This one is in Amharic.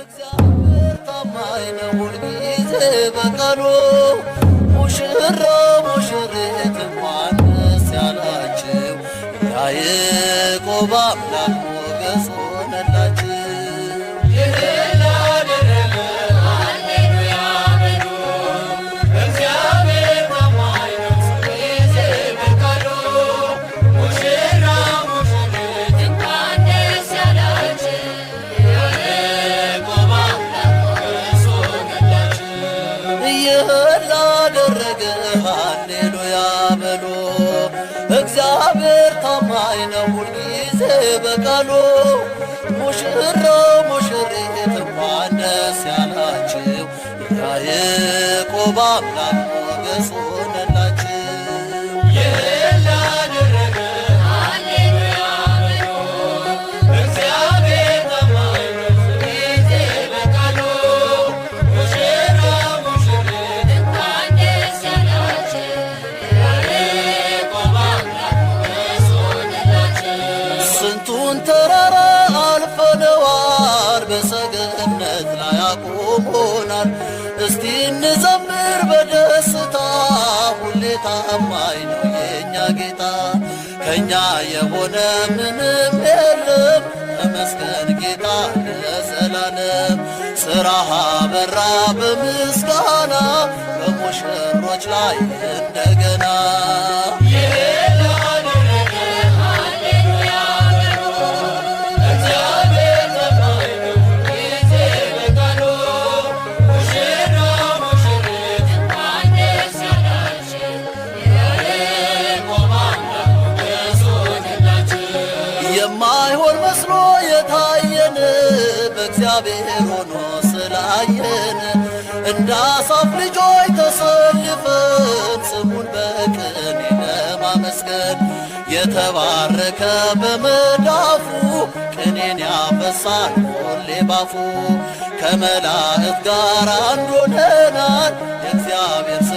እግዚአብሔር ታማኝ ነው ሁልጊዜ በቃሉ ሙሽራ ሙሽሪት እንኳን ደስ ያላችሁ የያዕቆብ አምላክ ሞገስ ሆነላችሁ። እግዚአብሔር ታማኝ ነው ሁልጊዜ በቃሉ ሙሽራው ሙሽሪት እንኳን ደስ ያላችሁ የያዕቆብ አምላክ ሞገሱ አቁሞናል። እስቲ እንዘምር በደስታ ሁሌ ታማኝ ነው የእኛ ጌታ። ከእኛ የሆነ ምንም የለም ተመስገን ጌታ ለዘላለም። ስራህ አበራ በምስጋና በሙሽሮች ላይ እንደገና የማይሆን መስሎ የታየን በእግዚአብሔር ሆኖ ስላየን እንደ አሳፍ ልጆች ተሰልፈን ስሙን በቅኔ ለማመስገን የተባረከ በመዳፉ ቅኔን ያፈሳል ሁሌ ባፉ ከመላእክት ጋር አንድ ሆነናል የእግዚአብሔር